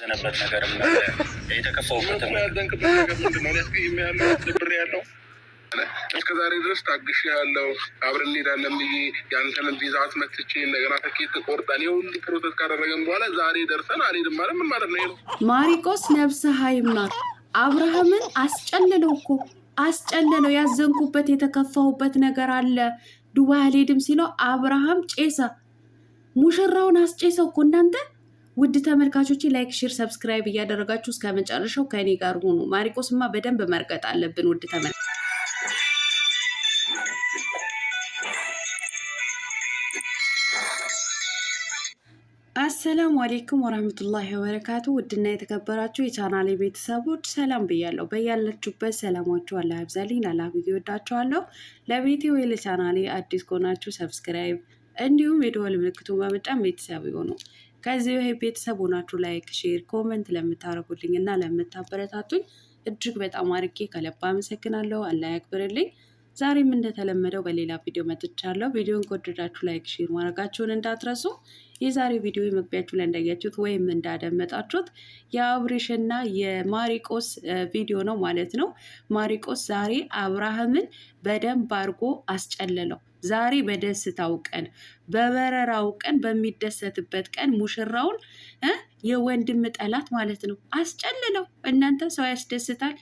ዘነበት ነገር የተከፋሁበትም ያለው እስከ ዛሬ ድረስ ታግሽ ያለው አብረን እንሄዳለን ብዬ ያንተን ቪዛ አስመትቼ እንደገና ትኬት ቆርጠን የሁሉ ፕሮሰስ ካደረገን በኋላ ዛሬ ደርሰን አልሄድም ማለት ምን ማለት ነው? ማሪቆስ ነብስ ሀይማ አብርሃምን አስጨለለው እኮ አስጨለለው። ያዘንኩበት የተከፋሁበት ነገር አለ ዱባይ አልሄድም ሲለው አብርሃም ጬሰ ሙሽራውን አስጬሰው እኮ እናንተ ውድ ተመልካቾች ላይክ፣ ሼር፣ ሰብስክራይብ እያደረጋችሁ እስከ መጨረሻው ከእኔ ጋር ሆኑ። ማሪቆስማ በደንብ መርቀጥ አለብን። ውድ ተመልካቾች አሰላሙ አሌይኩም ወራህመቱላሂ ወበረካቱ። ውድና የተከበራችሁ የቻናሌ ቤተሰቦች ሰላም ብያለሁ። በያላችሁበት ሰላማችሁ አላህ ያብዛልኝ። ላላ ብዬ ወዳችኋለሁ። ለቤቴ ወይ ለቻናሌ አዲስ ከሆናችሁ ሰብስክራይብ እንዲሁም የደወል ምልክቱን በመጫን ቤተሰብ ይሁኑ። ከዚህ ቤተሰብ ሆናችሁ ላይክ፣ ሼር፣ ኮመንት ለምታረጉልኝ እና ለምታበረታቱኝ እጅግ በጣም አርጌ ከለባ አመሰግናለሁ። አላህ ያክብርልኝ። ዛሬም እንደተለመደው በሌላ ቪዲዮ መጥቻለሁ። ቪዲዮን ከወደዳችሁ ላይክ፣ ሼር ማድረጋችሁን እንዳትረሱ። የዛሬ ቪዲዮ መግቢያችሁ ላይ እንዳያችሁት ወይም እንዳደመጣችሁት የአብሬሽና የማሪቆስ ቪዲዮ ነው ማለት ነው። ማሪቆስ ዛሬ አብርሃምን በደንብ አድርጎ አስጨለለው። ዛሬ በደስታው ቀን በበረራው ቀን በሚደሰትበት ቀን ሙሽራውን የወንድም ጠላት ማለት ነው አስጨልለው። እናንተ ሰው ያስደስታል፣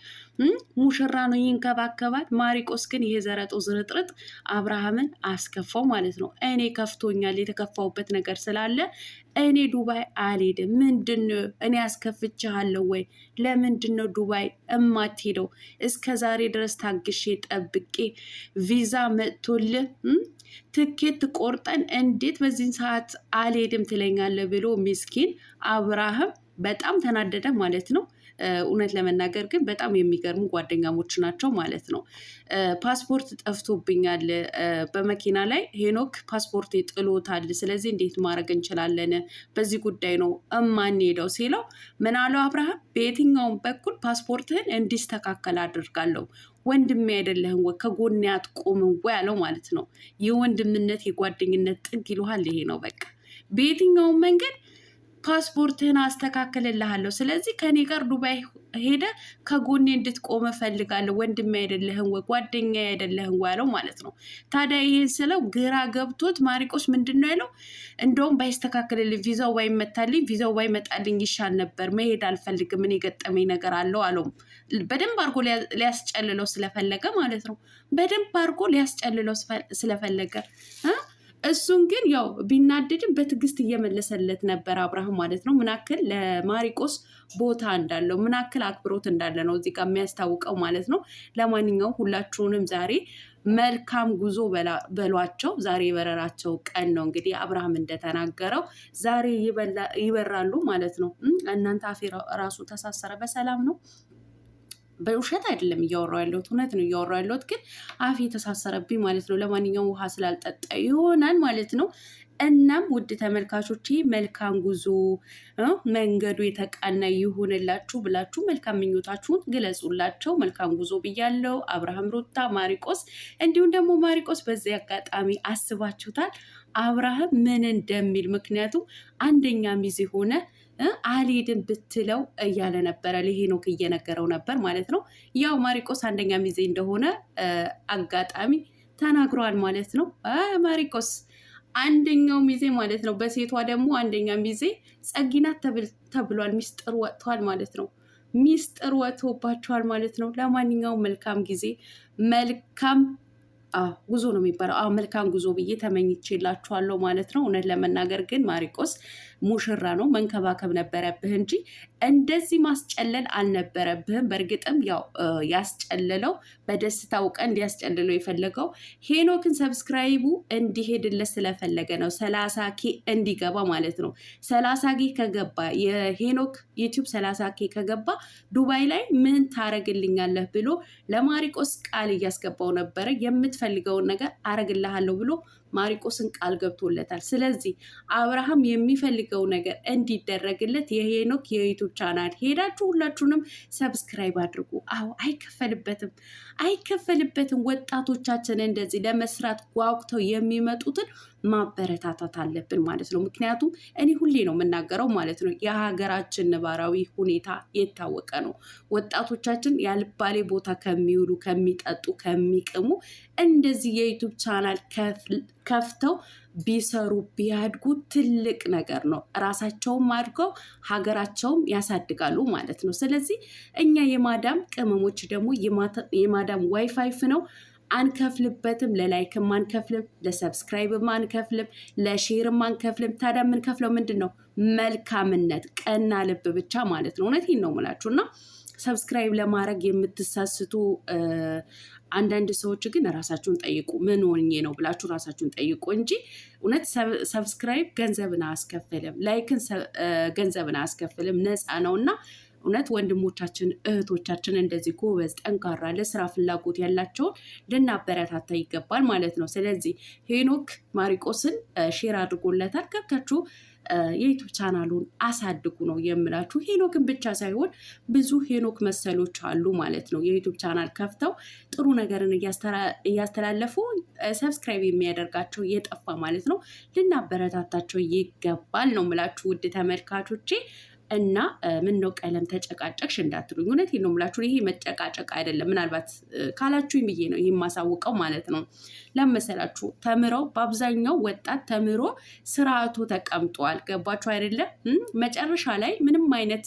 ሙሽራ ነው ይንከባከባል። ማሪቆስ ግን ይሄ ዘረጦ ዝርጥርጥ አብርሃምን አስከፋው ማለት ነው። እኔ ከፍቶኛል የተከፋውበት ነገር ስላለ እኔ ዱባይ አልሄድም። ምንድን ነው እኔ ያስከፍችሃለሁ ወይ? ለምንድን ነው ዱባይ እማትሄደው? እስከ ዛሬ ድረስ ታግሼ ጠብቄ ቪዛ መጥቶልህ ትኬት ቆርጠን እንዴት በዚህን ሰዓት አልሄድም ትለኛለህ ብሎ ሚስኪን አብርሃም በጣም ተናደደ ማለት ነው። እውነት ለመናገር ግን በጣም የሚገርሙ ጓደኛሞች ናቸው ማለት ነው። ፓስፖርት ጠፍቶብኛል በመኪና ላይ ሄኖክ ፓስፖርት ጥሎታል፣ ስለዚህ እንዴት ማድረግ እንችላለን? በዚህ ጉዳይ ነው ሄደው ሲለው ምናለው አብርሃም በየትኛውም በኩል ፓስፖርትህን እንዲስተካከል አድርጋለሁ ወንድሜ አይደለህም ወይ ከጎን ያትቆምን ወይ ያለው ማለት ነው። የወንድምነት የጓደኝነት ጥግ ይልሃል ይሄ ነው በቃ በየትኛውም መንገድ ፓስፖርትህን አስተካከልልሃለሁ። ስለዚህ ከኔ ጋር ዱባይ ሄደ ከጎኔ እንድትቆመ ፈልጋለ ወንድሜ አይደለህን ወይ ጓደኛ አይደለህን ወይ አለው ማለት ነው። ታዲያ ይህን ስለው ግራ ገብቶት ማሪቆስ ምንድን ነው ያለው? እንደውም ባይስተካከልልኝ፣ ቪዛው ባይመታልኝ፣ ቪዛው ባይመጣልኝ ይሻል ነበር። መሄድ አልፈልግም፣ ምን የገጠመኝ ነገር አለው አለው። በደንብ አድርጎ ሊያስጨልለው ስለፈለገ ማለት ነው። በደንብ አድርጎ ሊያስጨልለው ስለፈለገ እሱን ግን ያው ቢናደድም በትዕግስት እየመለሰለት ነበር አብርሃም ማለት ነው። ምናክል ለማሪቆስ ቦታ እንዳለው ምናክል አክብሮት እንዳለ ነው እዚህ ጋር የሚያስታውቀው ማለት ነው። ለማንኛውም ሁላችሁንም ዛሬ መልካም ጉዞ በሏቸው። ዛሬ የበረራቸው ቀን ነው እንግዲህ አብርሃም እንደተናገረው ዛሬ ይበራሉ ማለት ነው። እናንተ አፌ ራሱ ተሳሰረ። በሰላም ነው በውሸት አይደለም እያወራሁ ያለሁት እውነት ነው እያወራሁ ያለሁት፣ ግን አፍ የተሳሰረብኝ ማለት ነው። ለማንኛውም ውሃ ስላልጠጣ ይሆናል ማለት ነው። እናም ውድ ተመልካቾቼ መልካም ጉዞ መንገዱ የተቃና ይሁንላችሁ ብላችሁ መልካም ምኞታችሁን ግለጹላቸው። መልካም ጉዞ ብያለው። አብርሃም ሩታ፣ ማሪቆስ እንዲሁም ደግሞ ማሪቆስ በዚህ አጋጣሚ አስባችሁታል አብርሃም ምን እንደሚል ምክንያቱም አንደኛ ሚዜ ሆነ አልሄድም ብትለው እያለ ነበረ። ለሄኖክ እየነገረው ነበር ማለት ነው። ያው ማሪቆስ አንደኛ ሚዜ እንደሆነ አጋጣሚ ተናግሯል ማለት ነው። ማሪቆስ አንደኛው ሚዜ ማለት ነው። በሴቷ ደግሞ አንደኛ ሚዜ ጸጊናት ተብሏል። ሚስጥር ወጥቷል ማለት ነው። ሚስጥር ወጥቶባቸዋል ማለት ነው። ለማንኛውም መልካም ጊዜ መልካም ጉዞ ነው የሚባለው። መልካም ጉዞ ብዬ ተመኝቼላችኋለሁ ማለት ነው። እውነት ለመናገር ግን ማሪቆስ ሙሽራ ነው፣ መንከባከብ ነበረብህ እንጂ እንደዚህ ማስጨለል አልነበረብህም። በእርግጥም ያው ያስጨለለው በደስታው ቀን እንዲያስጨልለው የፈለገው ሄኖክን ሰብስክራይቡ እንዲሄድለት ስለፈለገ ነው። ሰላሳ ኬ እንዲገባ ማለት ነው። ሰላሳ ኬ ከገባ የሄኖክ ዩቲዩብ ሰላሳ ኬ ከገባ ዱባይ ላይ ምን ታረግልኛለህ ብሎ ለማሪቆስ ቃል እያስገባው ነበረ የምት የምትፈልገውን ነገር አረግልሃለሁ ብሎ ማሪቆስን ቃል ገብቶለታል። ስለዚህ አብርሃም የሚፈልገው ነገር እንዲደረግለት የሄኖክ የዩቱብ ቻናል ሄዳችሁ ሁላችሁንም ሰብስክራይብ አድርጉ። አዎ አይከፈልበትም፣ አይከፈልበትም። ወጣቶቻችን እንደዚህ ለመስራት ጓጉተው የሚመጡትን ማበረታታት አለብን ማለት ነው። ምክንያቱም እኔ ሁሌ ነው የምናገረው ማለት ነው። የሀገራችን ነባራዊ ሁኔታ የታወቀ ነው። ወጣቶቻችን ያልባሌ ቦታ ከሚውሉ ከሚጠጡ፣ ከሚቅሙ እንደዚህ የዩቱብ ቻናል ከፍተው ቢሰሩ ቢያድጉ ትልቅ ነገር ነው። ራሳቸውም አድገው ሀገራቸውም ያሳድጋሉ ማለት ነው። ስለዚህ እኛ የማዳም ቅመሞች ደግሞ የማዳም ዋይፋይፍ ነው አንከፍልበትም። ለላይክም አንከፍልም፣ ለሰብስክራይብም አንከፍልም፣ ለሼርም አንከፍልም። ታዲያ የምንከፍለው ምንድን ነው? መልካምነት፣ ቀና ልብ ብቻ ማለት ነው። እውነቴን ነው የምላችሁ እና ሰብስክራይብ ለማድረግ የምትሳስቱ አንዳንድ ሰዎች ግን ራሳችሁን ጠይቁ፣ ምን ሆኜ ነው ብላችሁ ራሳችሁን ጠይቁ እንጂ እውነት ሰብስክራይብ ገንዘብን አያስከፍልም፣ ላይክን ገንዘብን አያስከፍልም፣ ነፃ ነው እና እውነት ወንድሞቻችን እህቶቻችን እንደዚህ ጎበዝ፣ ጠንካራ፣ ለስራ ፍላጎት ያላቸውን ልናበረታታ ይገባል ማለት ነው። ስለዚህ ሄኖክ ማሪቆስን ሼር አድርጎለታል። ገብታችሁ የዩቱብ ቻናሉን አሳድጉ ነው የምላችሁ። ሄኖክን ብቻ ሳይሆን ብዙ ሄኖክ መሰሎች አሉ ማለት ነው። የዩቱብ ቻናል ከፍተው ጥሩ ነገርን እያስተላለፉ ሰብስክራይብ የሚያደርጋቸው የጠፋ ማለት ነው። ልናበረታታቸው ይገባል ነው የምላችሁ ውድ ተመልካቾቼ። እና ምን ነው ቀለም ተጨቃጨቅሽ እንዳትሉኝ። እውነቴን ነው የምላችሁ። ይሄ መጨቃጨቅ አይደለም። ምናልባት ካላችሁኝ ብዬ ነው ይህ ማሳውቀው ማለት ነው። ለመሰላችሁ ተምረው በአብዛኛው ወጣት ተምሮ ስርዓቱ ተቀምጧል። ገባችሁ አይደለም? መጨረሻ ላይ ምንም አይነት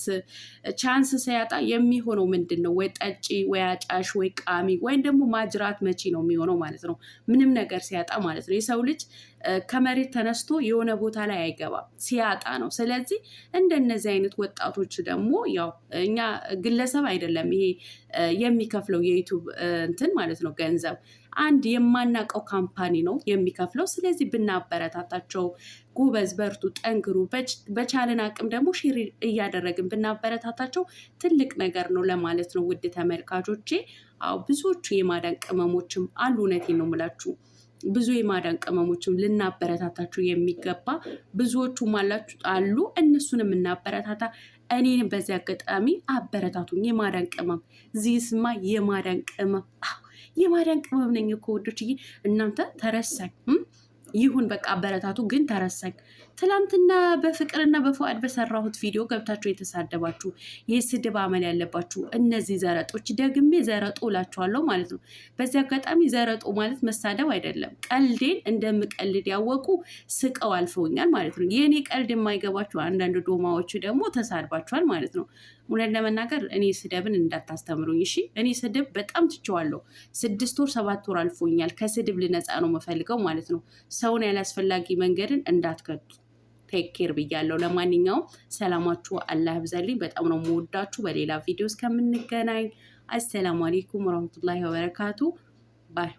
ቻንስ ሲያጣ የሚሆነው ምንድን ነው? ወይ ጠጪ፣ ወይ አጫሽ፣ ወይ ቃሚ ወይም ደግሞ ማጅራት መቺ ነው የሚሆነው ማለት ነው። ምንም ነገር ሲያጣ ማለት ነው። የሰው ልጅ ከመሬት ተነስቶ የሆነ ቦታ ላይ አይገባም፣ ሲያጣ ነው። ስለዚህ እንደነዚህ አይነት አይነት ወጣቶች ደግሞ ያው እኛ ግለሰብ አይደለም ይሄ የሚከፍለው የዩቱብ እንትን ማለት ነው ገንዘብ አንድ የማናውቀው ካምፓኒ ነው የሚከፍለው። ስለዚህ ብናበረታታቸው፣ ጎበዝ በርቱ፣ ጠንክሩ፣ በቻለን አቅም ደግሞ ሼር እያደረግን ብናበረታታቸው ትልቅ ነገር ነው ለማለት ነው። ውድ ተመልካቾቼ፣ አዎ ብዙዎቹ የማዳን ቅመሞችም አሉ። እውነቴን ነው የምላችሁ። ብዙ የማዳን ቅመሞችም ልናበረታታችሁ የሚገባ ብዙዎቹም አላችሁ አሉ። እነሱንም እናበረታታ። እኔን በዚህ አጋጣሚ አበረታቱኝ። የማዳን ቅመም ስማ፣ የማዳን ቅመም የማዳን ቅመም ነኝ እኮ ወዶችዬ፣ እናንተ ተረሳኝ ይሁን በቃ አበረታቱ፣ ግን ተረሳኝ ትላንትና በፍቅርና በፉአድ በሰራሁት ቪዲዮ ገብታችሁ የተሳደባችሁ ይህ ስድብ አመል ያለባችሁ እነዚህ ዘረጦች፣ ደግሜ ዘረጦ እላችኋለሁ ማለት ነው። በዚህ አጋጣሚ ዘረጦ ማለት መሳደብ አይደለም። ቀልዴን እንደምቀልድ ያወቁ ስቀው አልፈውኛል ማለት ነው። የእኔ ቀልድ የማይገባቸው አንዳንድ ዶማዎች ደግሞ ተሳድባችኋል ማለት ነው። እውነት ለመናገር እኔ ስደብን እንዳታስተምሩኝ እሺ። እኔ ስድብ በጣም ትችዋለሁ። ስድስት ወር ሰባት ወር አልፎኛል። ከስድብ ልነፃ ነው መፈልገው ማለት ነው። ሰውን ያላስፈላጊ መንገድን እንዳትከቱ። ቴክ ኬር ብያለሁ። ለማንኛውም ሰላማችሁ አላህ ብዛልኝ። በጣም ነው የምወዳችሁ። በሌላ ቪዲዮ እስከምንገናኝ አሰላሙ አሌይኩም ወረህመቱላሂ ወበረካቱ ባይ